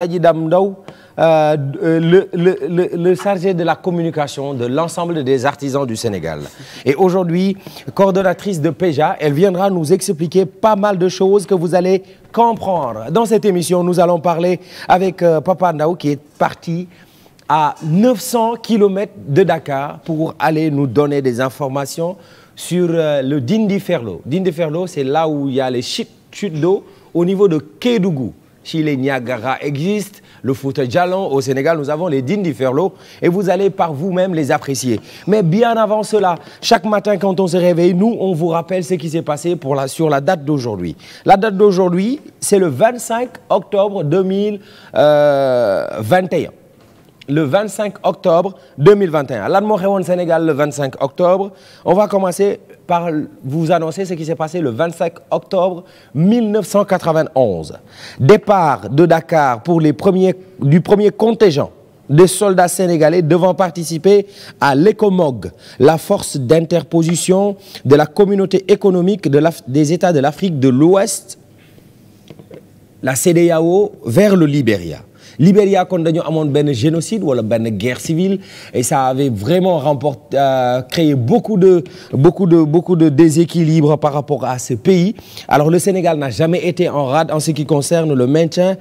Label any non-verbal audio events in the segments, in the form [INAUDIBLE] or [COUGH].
Adji Dame Ndao euh, le le le le chargé de la communication de l'ensemble des artisans du Sénégal et aujourd'hui coordonnatrice de PEJA elle viendra nous expliquer pas mal de choses que vous allez comprendre dans cette émission nous allons parler avec euh, Papa Ndao qui est parti à kilomètres de Dakar pour aller nous donner des informations sur euh, le Dindi Ferlo Dindi Ferlo c'est là où il y a les chutes d'eau au niveau de Kédougou si les Niagara existent, le foot Djalan au Sénégal, nous avons les Dindi Ferlo et vous allez Mais bien avant cela, chaque matin quand on se réveille, nous on vous rappelle ce qui s'est passé pour la sur la date d'aujourd'hui. La date d'aujourd'hui, c'est le 25 octobre 2021. Euh, le 25 lan moo xewoon Sénégal le 25 octobre par vous annoncer ce qui s'est passé le 25 octobre 1991. Départ de pour les premiers, premier contingent des soldats sénégalais devant participer à l'ECOMOG, la force d'interposition de la communauté économique de des États de l'Afrique de l'Ouest, la CEDEAO, vers le Libéria. Libéria kon dañu amoon benn génocide wala benn guerre civile et ça avait vraiment remporté euh, créé beaucoup de beaucoup de beaucoup de déséquilibre par rapport à ce pays alors le Sénégal n'a jamais été en rade en ce qui concerne le maintien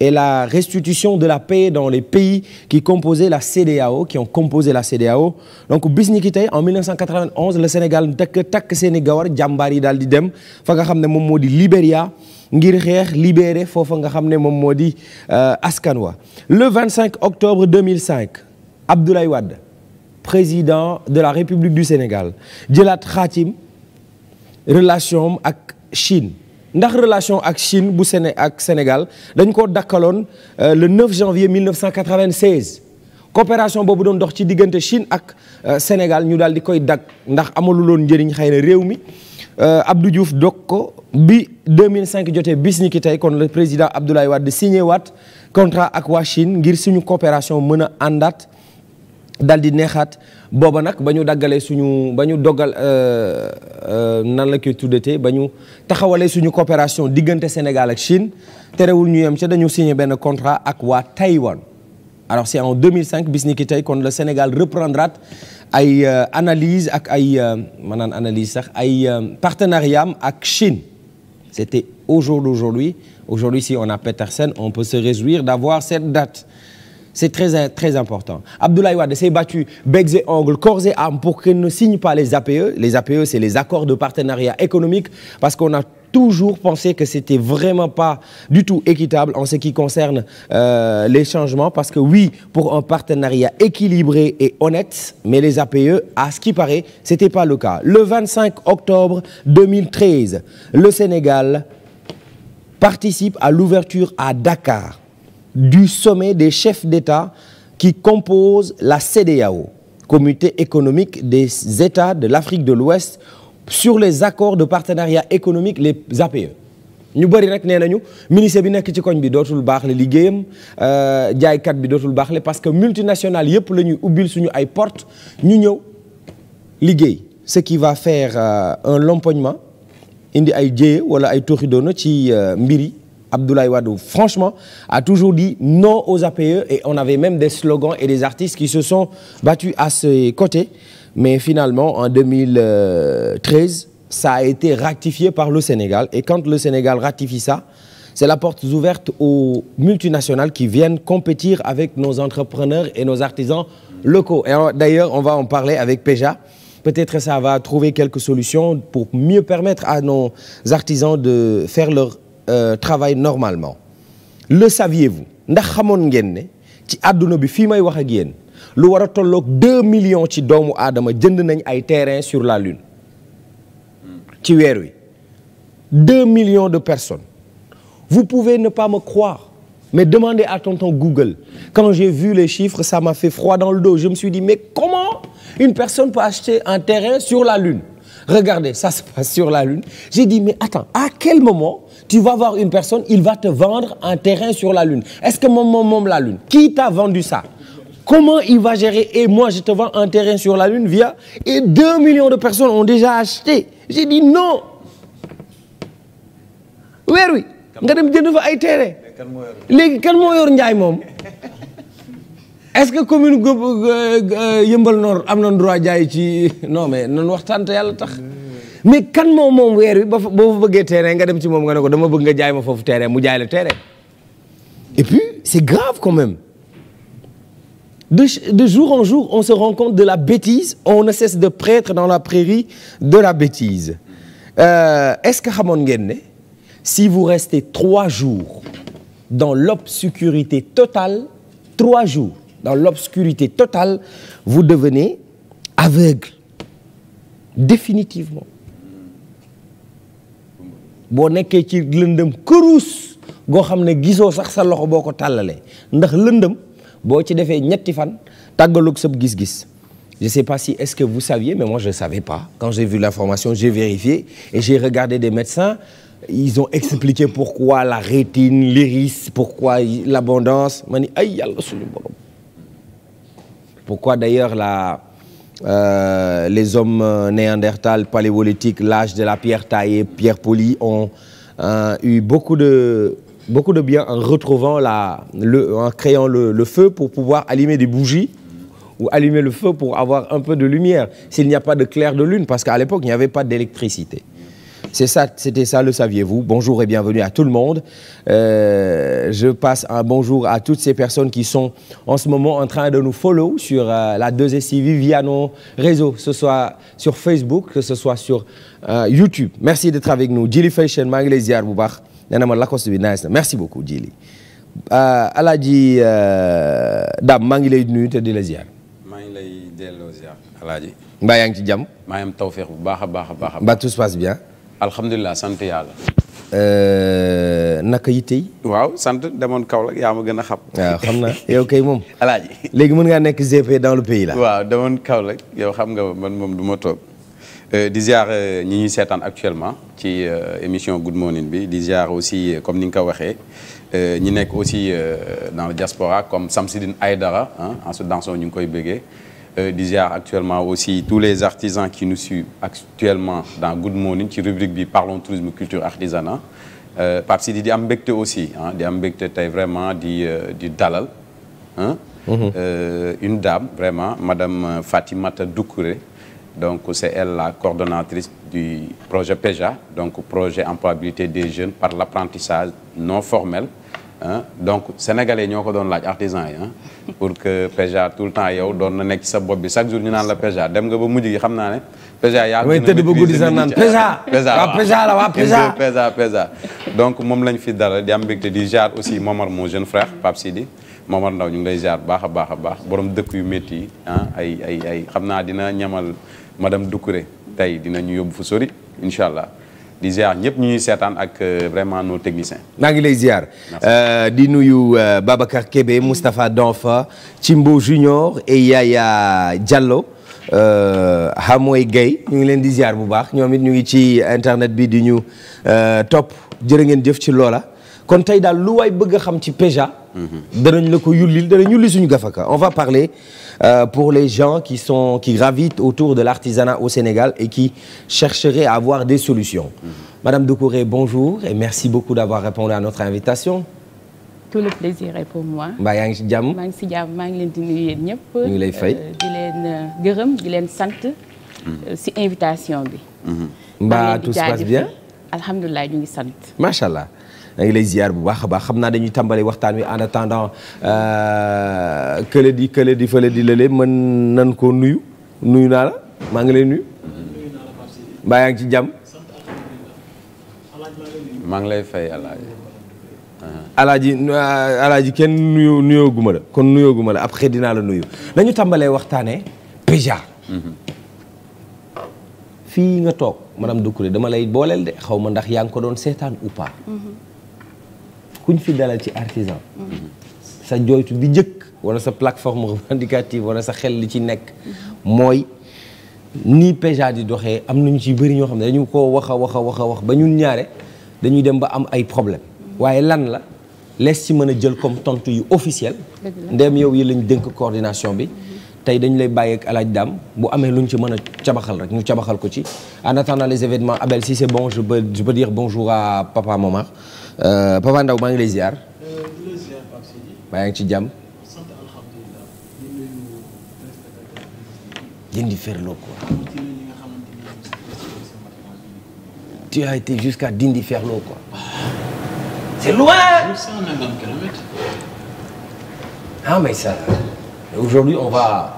et la restitution de la paix dans les pays qui la CEDEAO qui composé la CEDEAO donc bis ñi ki tey en 1991 le Sénégal takk takk seeni gawar jàmbaar yi daal di dem fa xam ne moom moo di Libéria ngir xeex libéré foofa nga xam ne moom moo di euh, askan wa le 25 octobre 2005 Abdoulaye Wade président de la République Sénégal jëlaat xaatim relation ak Chine ndax relation ak Chine bu Séné ak Sénégal dañ ko dakkaloon euh, le 9 janvier 1996 coopération boobu doon dox ci diggante Chine ak euh, Sénégal ñu daal di koy dagg ndax amaluloon njëriñ xëy na réew mi euh, Abdou Diouf dog ko bi 2005 jotee bis ni ki tey kon le président Abdoulaye de signé waat contrat ak waa Chine ngir suñu coopération mën a àndaat dal di neexaat booba nag ba ñu daggalee suñu ba ñu dogal euh, euh, nan la koy tuddatee ba ñu taxawalee suñu coopération diggante Sénégal ak Chine terewul ñu yem ca dañu signé benn contrat ak waa Taïwan. alors c'est en 2005 bis ni ki tey kon le Sénégal reprendraat ay euh, analyse ak ay maanaam analyse sax ay partenariat am ak Chine c'était au jour d'aujourd'hui aujourd'hui si on a Petersen on peut se réjouir d'avoir cette date C'est très, très important. Abdoulaye Wade s'est battu becs et ongles, corps et âme pour qu'il ne signe pas les APE. Les APE, c'est les accords de vraiment pas du tout équitable en ce qui euh, les changements parce que oui, pour un partenariat équilibré et mais les APE, à ce qui paraît, c'était pas le cas. Le 25 octobre 2013, le Sénégal participe à l'ouverture à Dakar du sommet des chefs d'État qui composent la CEDEAO, Comité économique des États de l'Afrique de l'Ouest, sur les accords de partenariat économique, les APE. ñu bëri rek nee nañu ministre bi nekk ci koñ bi dootul baax le liggéeyam euh, jaaykat bi dootul baax le parce que multinationales yëpp la ñuy ubbil suñu ay porte ñu ñëw liggéey ce qui va faire euh, un lompoñement indi ay jéye wala ay tooxi doona ci euh, mbir yi Abdoulaye Wade, franchement, a toujours dit non aux APE et on avait même des slogans et des artistes qui se sont battus à ses côtés. Mais finalement, en 2013, ça a été ratifié par le Sénégal. Et quand le Sénégal ratifie ça, c'est la porte ouverte aux multinationales qui viennent compétir avec nos entrepreneurs et nos artisans locaux. Et d'ailleurs, on va en parler avec Péja. Peut-être ça va trouver quelques solutions pour mieux permettre à nos artisans de faire Euh, travaille normalement le saviez-vous ndax xamoon ngeen ne ci àdduna bi fii may wax ak lu war a tolloog deux millions ci doomu aadama jënd nañ ay terrain sur la lune ci weer wi deux millions de personnes vous pouvez ne pas me croire mais demandez à tonton Google quand j'ai vu les chiffres ça m'a fait froid dans le dos je me suis dit mais comment une personne peut acheter un terrain sur la lune regardez ça se passe sur la lune j'ai dit mais attends à quel moment tu vas voir une personne il va te vendre un terrain sur la lune est-ce que moom moom moom la lune qui t'a vendu ça comment il va gérer et moi je te vends un terrain sur la lune via et deux millions de personnes ont déjà acheté j'ai dit non weer nga dem jënd fa ay terrain léegi kan moo yor njaay moom est-ce que commune Yëmbal Nord am na droit jaay ci non mais nan waxtaan te yàlla tax mais kan moom moom weer wi ba fa boo fa bëggee terrain nga dem ci moom nga ne ko dama bëgg nga jaay ma foofu terrain mu jaay la terrain et puis c'est grave quand même de de jour en jour on se rend compte de la bêtise on ne cesse de prêtre dans la prairie de la bêtise euh, ce que xamoon ngeen ne si vous restez trois jours dans l'obscurité totale trois jours dans l'obscurité totale vous devenez aveugle définitivement boo nekkee ci lëndëm këruus goo xam ne gisoo sax sa loxo boo ko tàllalee ndax lëndëm boo ci defee ñetti fan tàggaloog sab gis-gis je pas si est-ce que vous saviez mais moi je savais pas quand j'ai vu l'information j'ai vérifié et j'ai regardé des médecins ils ont expliqué pourquoi la rétine l'iris pourquoi l'abondance ma ni ay yàlla suñu pourquoi d'ailleurs la Euh, les hommes euh, néandertals, paléolithiques, l'âge de la pierre taillée, pierre polie ont euh, eu beaucoup de, beaucoup de bien en retrouvant la, le, en créant le, le, feu pour pouvoir allumer des bougies ou allumer le feu pour avoir un peu de lumière. S'il n'y a pas de clair de lune, parce qu'à l'époque, il n'y avait pas d'électricité. C'est ça, c'était ça, le saviez-vous. Bonjour et bienvenue à tout le monde. Euh, je passe un bonjour à toutes ces personnes qui sont en ce moment en train de nous follow sur euh, la 2STV via nos réseaux, que ce soit sur Facebook, que ce soit sur euh, YouTube. Merci d'être avec nous. Djili Fashion, maa ngi lay ziar bu baax ma Lacoste bi nice na merci beaucoup Djili. Euh, Alaaji euh, Dame maa ngi lay nuyu te di la ziar. maa ngi lay delloo ziar Alaaji. mbaa yaa ngi ci jàmm. maa ngi am tawféex bu baax a baax a baax. mbaa tout se passe alhamdulilah sant yàlla. Euh, naka yitte yi. waaw sant demoon Kaolack yaa ma gën a xam. waaw xam na yow kay moom. [LAUGHS] alaaji léegi mën ngaa nekk GP dans le pays là. waaw demoon Kaolack yow xam nga man moom du ma toog. Euh, di jaar euh, ñi ñuy seetaan actuellement ci émission Good Morning bi di ziar aussi comme ni nga ko waxee ñi nekk aussi dans la diaspora comme Samsidine Aydara ah en ce temps ñu ngi koy bëggee. Euh, di ziar actuellement aussi tous les artisans qui nous suivent actuellement dans Good Morning ci rubrique bi parlons tourisme culture artisanat euh, parce que di am mbégte aussi ah di am tey vraiment di euh, di dalal ah une dame vraiment madame Fatimata Doucouré donc c'est elle la coordonnatrice du projet péja donc projet employabilité des jeunes par l'apprentissage non formel ah donc sénégalais ñoo ko doon laaj artisan yi ah pour que Péja tout le temps yow doon na nekk sa bopp bi chaque jour ñu naan la Péja dem nga ba mujj gi xam naa ne. Péja yaa ngi tëdd ba guddi sax naan Péja. Péja la waaw Péja dara di di jaar aussi Momar mon jeune frère Pape Sidi Momar Ndaw ñu ngi lay jaar baax a baax a baax borom dëkk yu métti yi ah ay ay ay xam naa dina ñamal madame Doucouré tey dina ñu yóbbu fu sori incha allah. di ziar ñëpp ñu ñuy seetaan ak euh, vraiment nos maa ngi lay ziar. Euh, di nuyu euh, Babacar Kébé Moustapha Danfa Chimbo Junior et Yaya Diallo. Hamoy Gueye ñu ngi leen di ziar bu baax ñoom it ñu ngi ci internet bi di ñu topp jërë ngeen jëf ci loola kon tey daal lu waay bëgg xam ci Péja. danañ la ko yullil danañ yulli suñu gafaka on va parler euh, pour les gens qui sont qui gravitent autour de l'artisanat au Sénégal et qui chercheraient à avoir des solutions mm -hmm. Madame Doucouré bonjour et merci beaucoup d'avoir répondu à notre invitation tout le plaisir est pour moi. mbaa yaa ngi si jàmm maa ngi si jàmm maa ngi leen di nuyu yéen ñëpp. ñu ngi lay fay euh, di leen euh, gërëm leen sant. si mm. invitation bi. Mm-hmm. mbaa tout se passe bien. alhamdulilah ñu ngi sant. macha allah. da ngi lay bu baax a baax xam dañuy tàmbale waxtaan wi en attendant euh, kële di kële di fële di lële mën nan ko nuyu nuyu naa maa ngi lay nuyu. mbaa yaa jàmm. maa ngi lay fay alaaji. Uh-huh. Euh, alaaji kenn nuyoo nuyoo guma kon nuyoo guma la après dinaa la nuyu nañu tàmbalee waxtaanee Péja. Mm-hmm. fii nga toog madame Doucouré dama lay booleel de xaw ma ndax yaa ngi ko doon seetaan ou pas. Mm-hmm. kuñ fi dalal ci artisan sa jooytu bi njëkk wala sa plateforme revendicative wala sa xel li ci nekk mooy ni PEJA di doxee am nañu ci bëri ñoo xam ne dañu ko wax a wax a wax a wax ba ñun ñaare dañuy dem ba am ay problème waaye lan la lees ci mën a jël comme tontu yu officiel ndem yow yi lañ dënk coordination bi tey dañu lay bàyyi ak alaaj daam bu amee lu ñu ci mën a cabaxal rek ñu cabaxal ko ci en attendant les événements Abel si c'est bon je peux je peux dire bonjour à papa Momar euh, papa Ndaw maa ngi lay ziar. maa ngi ci jàmm. ngeen di ferloo quoi. tu as été jusqu'à Dindi Ferlo quoi. c'est loin. ah mais ça. aujourd'hui on va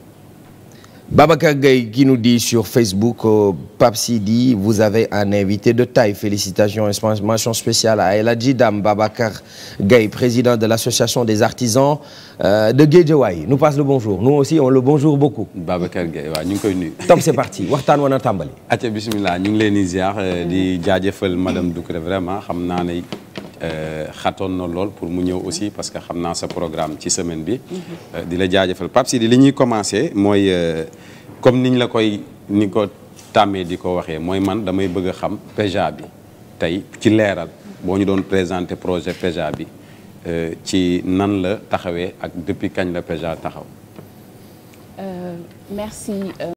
Babacar Gueye qui nous dit sur Facebook euh, Pape Sidi vous avez un invité de taille félicitation et mention spéciale à El Hadji Dame Babacar Gueye président de l'association des artisans euh, de Guédiawaye nous passe le bonjour nous aussi on le bonjour beaucoup. Babacar Gueye waaw ñu ngi koy nuyu. donc c'est parti waxtaan woon tàmbali. ati bisimilah ñu ngi leen di ziar di jaajëfal madame Doucouré vraiment xam naa ne. Euh, xatoon na lool pour mu ñëw aussi parce que xam naa sa programme ci semaine bi. Euh, di la jaajëfal Pape Sidi li ñuy commencé mooy euh, comme niñ la koy ni ko tàmmee di ko waxee mooy man damay bëgg xam PEJA bi tey ci leeral boo ñu doon présenter projet PEJA bi ci nan la taxawee ak depuis kañ la PEJA taxaw.